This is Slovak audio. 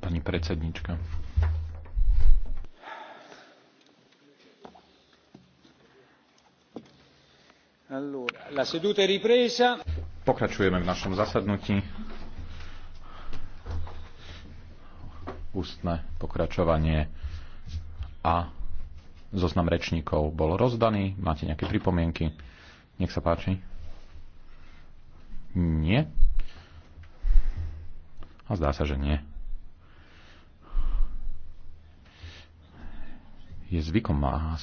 Pani predsednička. Pokračujeme v našom zasadnutí. Ústne pokračovanie a zoznam rečníkov bol rozdaný. Máte nejaké pripomienky? Nech sa páči. Nie? A zdá sa, že nie. Je zvykom